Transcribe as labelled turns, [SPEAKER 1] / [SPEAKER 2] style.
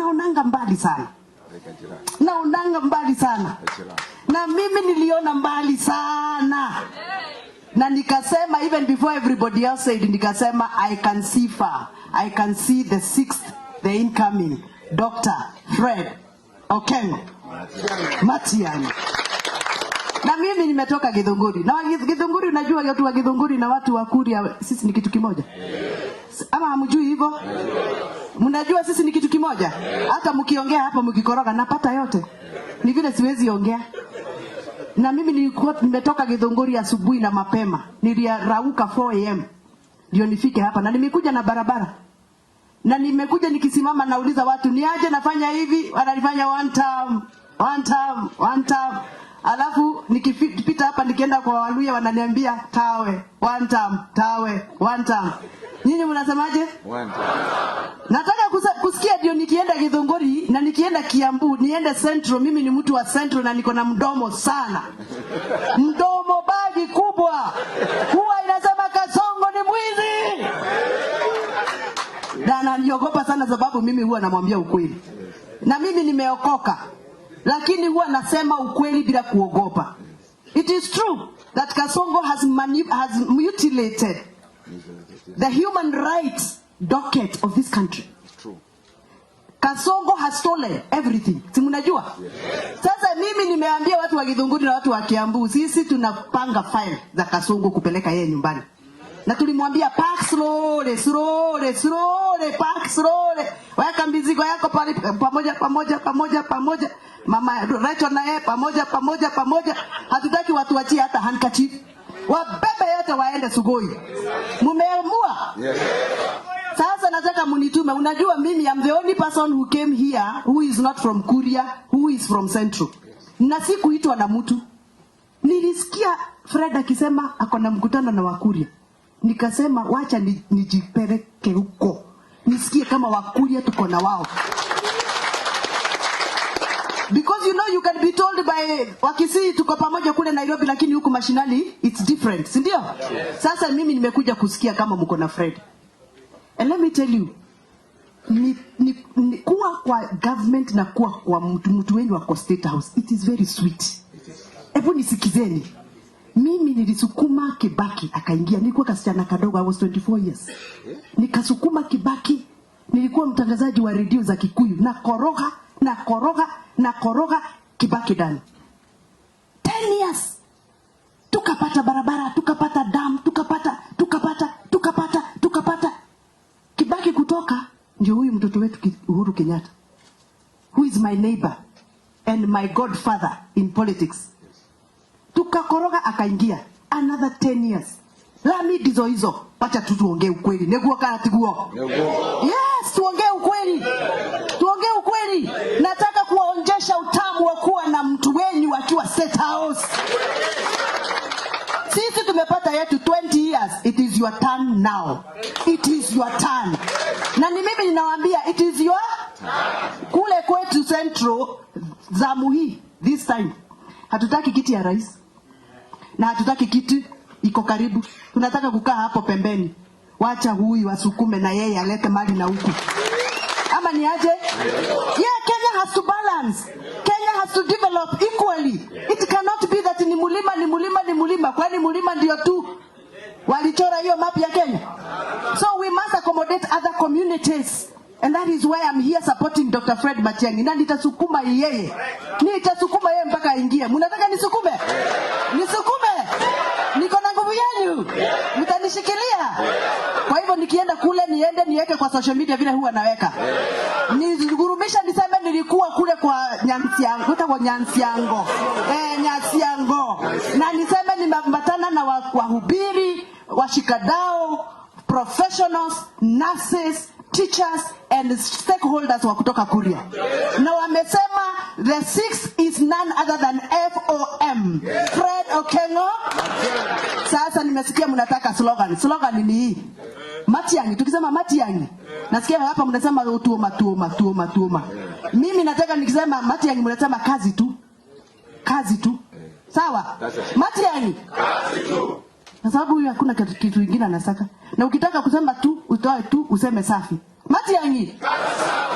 [SPEAKER 1] naonanga mbali sana, naonanga mbali sana, na mimi niliona mbali sana na nikasema, even before everybody else said, nikasema I can see far, I can see the sixth, the incoming Dr. Fred Okengo matiani na mimi nimetoka Githunguri na Githunguri, unajua watu wa Githunguri na watu wa Kuria sisi ni kitu kimoja, ama hamjui hivyo? Mnajua sisi ni kitu kimoja, hata mkiongea hapa mkikoroga napata yote, ni vile siwezi ongea na mimi nilikuwa nimetoka Githunguri asubuhi na mapema, nilirauka 4 am ndio nifike hapa, na nimekuja na barabara, na nimekuja nikisimama, nauliza watu niaje, nafanya hivi, wananifanya one time, one time, one time alafu nikipita hapa nikienda kwa Waluya wananiambia tawe one time, tawe one time. Nyinyi mnasemaje? One time. Nataka kusikia ndio nikienda Githunguri na nikienda Kiambu, niende Central. Mimi ni mtu wa Central na niko na mdomo sana, mdomo bagi kubwa, huwa inasema Kasongo ni mwizi na naniogopa sana, sababu mimi huwa namwambia ukweli na mimi nimeokoka lakini huwa nasema ukweli bila kuogopa. It is true that Kasongo has, has mutilated the human rights docket of this country. Kasongo has stolen everything. Si mnajua? Yes. Sasa mimi nimeambia watu wa Githunguri na watu wa Kiambu, sisi tunapanga file za Kasongo kupeleka yeye nyumbani na tulimwambia park slowly slowly slowly, park slowly, weka mizigo yako pale pamoja pamoja pamoja pamoja. Mama Rachel na yeye pamoja pamoja pamoja. Hatutaki watu wachie hata handkerchief, wabebe yote waende Sugoi. Mumeamua sasa, nataka munitume. Unajua mimi am the only person who came here who is not from Kuria who is from Central, na sikuitwa na mtu. Nilisikia Fred akisema ako na mkutano na Wakuria nikasema wacha nijipeleke huko nisikie kama Wakuria tuko na wao because you know you can be told by Wakisii tuko pamoja kule Nairobi, lakini huku mashinani it's different, si ndio? Yes. Sasa mimi nimekuja kusikia kama mko na Fred and let me tell you ni, ni, ni, kuwa kwa government na kuwa kwa mtu mtu wenu wako State House it is very sweet. Hebu nisikizeni mimi nilisukuma Kibaki akaingia. Nilikuwa kasichana kadogo, I was 24 years. Nikasukuma Kibaki, nilikuwa mtangazaji wa redio za Kikuyu na koroga na koroga na koroga Kibaki ndani 10 years, tukapata barabara, tukapata dam, tukapata tukapata tukapata tukapata. Kibaki kutoka ndio huyu mtoto wetu Uhuru Kenyatta, who is my neighbor and my godfather in politics tukakoroga akaingia another 10 years lami ndizo hizo pacha tu tuongee ukweli neguo kana tiguo yes tuongee ukweli tuongee ukweli nataka kuwaonjesha utamu wa kuwa na mtu wenyu akiwa set house sisi tumepata yetu 20 years it is your turn now it is your turn na ni mimi ninawaambia it is your kule kwetu central zamu hii this time hatutaki kiti ya rais na hatutaki kiti iko karibu, tunataka kukaa hapo pembeni. Wacha huyu wasukume na yeye alete mali na huku, ama ni aje? Yeah, Kenya has to balance. Kenya has to develop equally. It cannot be that ni mulima ni mulima ni mulima, kwani mulima ndio tu walichora hiyo map ya Kenya. So we must accommodate other communities. And that is why I'm here supporting Dr. Fred Matiang'i na nitasukuma yeye, nitasukuma yeye mpaka aingie. Mnataka nisukume? Nisukume mtanishikilia. Kwa hivyo nikienda kule niende niweke kwa social media vile huwa naweka, nizungurumisha niseme nilikuwa kule kwa Nyansiango, kwa Nyansiango eh, Nyansiango, na niseme nimeambatana na wahubiri, washikadao, professionals, nurses teachers and stakeholders wa kutoka Kuria na wamesema the six nasikia mnataka slogan. Slogan ni hii. Matiang'i, tukisema Matiang'i, nasikia hapa mnasema tuoma tuoma tuoma tuoma. Mimi nataka nikisema Matiang'i mnasema kazi tu. Kazi tu. Sawa? Matiang'i. Kazi tu. Kwa sababu huyu hakuna kitu kingine anasaka. Na ukitaka kusema tu, utoe tu, useme safi. Matiang'i. Kazi.